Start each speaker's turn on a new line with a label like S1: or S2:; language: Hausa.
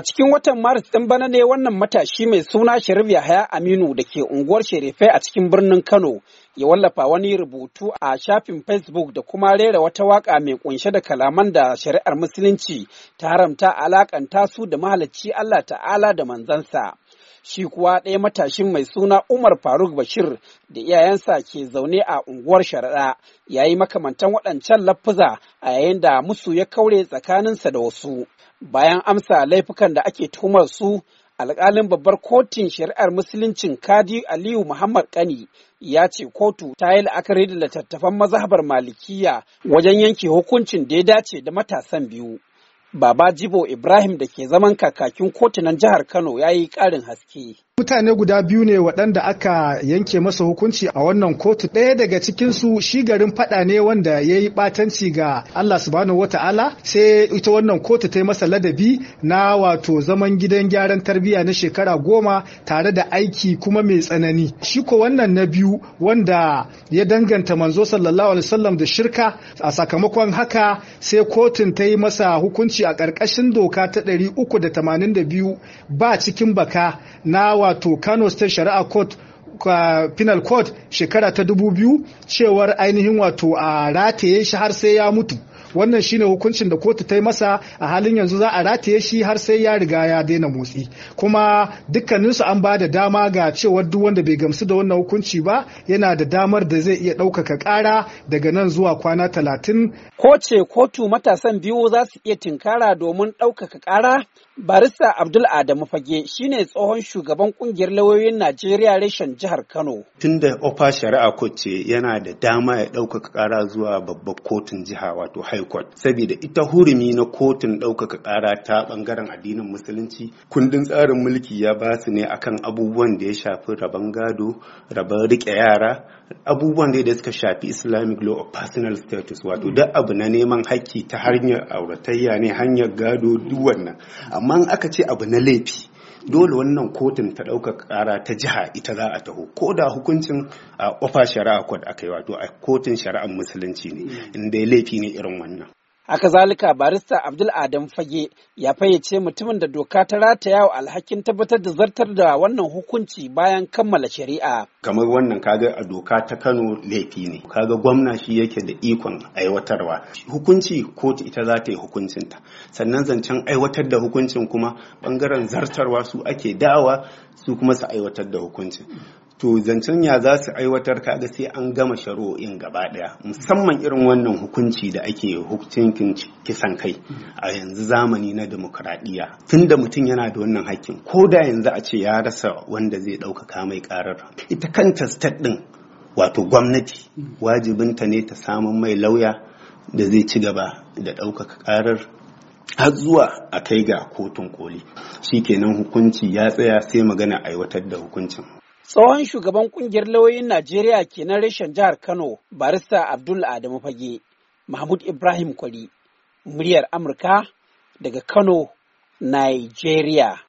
S1: A cikin watan Maris ɗin bana ne wannan matashi mai suna Sharif Yahaya Aminu da ke unguwar sharifai a cikin birnin Kano ya wallafa wani rubutu a shafin Facebook da kuma rera wata waka mai kunshe da kalaman da shari'ar Musulunci ta haramta alakanta su da mahalicci Allah Ta'ala da manzansa. shi kuwa ɗaya matashin mai suna Umar Faruk Bashir da iyayensa ke zaune a unguwar sharaɗa ya yi makamantan waɗancan laffuza a yayin da musu ya kaure tsakaninsa da wasu. Bayan amsa laifukan da ake tuhumar su, alƙalin babbar kotun shari'ar musuluncin kadi aliyu muhammad kani ya ce kotu ta yi la'akari da littattafan mazhabar malikiya wajen yanke hukuncin da ya dace da matasan biyu Baba Jibo Ibrahim da ke zaman kakakin kotunan jihar Kano ya yi ƙarin haske.
S2: mutane guda biyu ne waɗanda aka yanke masa hukunci a wannan kotu ɗaya daga cikinsu shi garin faɗa ne wanda ya yi ɓatanci ga Allah subhanahu ta'ala sai ita wannan kotu ta yi masa ladabi na wato zaman gidan gyaran tarbiyya na shekara goma tare da aiki kuma mai tsanani shi ko wannan na biyu wanda ya danganta manzo sallallahu alaihi wasallam da shirka a sakamakon haka sai kotun ta yi masa hukunci a ƙarƙashin doka ta 382 ba cikin baka na wato Kano State Shari'a Court Penal Court shekara ta dubu biyu cewar ainihin wato a rataye shi har sai ya mutu. wannan shine hukuncin da kotu ta yi masa a halin yanzu za a rataye shi har sai ya riga ya daina motsi kuma dukkaninsu an ba da dama ga cewa duk wanda bai gamsu da wannan hukunci ba yana da damar da zai iya ɗaukaka ƙara daga nan zuwa kwana talatin.
S1: Ko ce kotu matasan biyu za su iya tinkara domin ɗaukaka ƙara? Barista Abdul Adamu Fage shine tsohon shugaban kungiyar lauyoyin Najeriya reshen jihar Kano.
S3: Tunda ofa shari'a kotu yana da dama ya ɗaukaka ƙara zuwa babbar kotun jiha wato high court saboda ita hurumi na kotun ɗaukaka ƙara ta ɓangaren addinin musulunci kundin tsarin mulki ya ba su ne akan abubuwan da ya shafi rabon gado rabon riƙe yara abubuwan da suka shafi islamic law of personal status wato duk abu na neman haƙƙi ta hanyar auratayya ne hanyar gado duk wannan amma aka ce abu na laifi dole wannan kotun ta ɗauka ƙara ta jiha ita za a taho ko da hukuncin a ofa shari'a kwad aka yi wato a kotun shari'ar musulunci ne mm. inda laifi ne irin wannan
S1: a zalika barista Abdul Adam Fage ya fayyace mutumin da doka ta rataya wa alhakin tabbatar da zartar da wannan hukunci bayan kammala shari'a.
S3: Kamar wannan kaga a doka ta Kano laifi ne. Kaga gwamna shi yake da ikon aiwatarwa. Hukunci kotu ita za ta yi hukuncinta. Sannan zancen aiwatar da hukuncin kuma bangaren zartarwa su ake dawa su kuma su aiwatar da hukuncin. to zancen ya za su aiwatar kaga sai an gama shari'o'in gaba daya musamman irin wannan hukunci da ake hukuncin kisan kai a yanzu zamani na tun tunda mutum yana da wannan hakkin ko da yanzu a ce ya rasa wanda zai ɗaukaka mai karar ita kanta state ɗin wato gwamnati wajibinta ne ta samun mai lauya da zai ci gaba da ɗaukaka karar har zuwa a kai ga kotun koli shikenan hukunci ya tsaya sai magana aiwatar da hukuncin
S1: Tsohon shugaban kungiyar lauyoyin Najeriya kenan reshen jihar Kano, barista Abdul Adamu Fage, Mahmud Ibrahim Kwari, muryar Amurka daga Kano, Nigeria.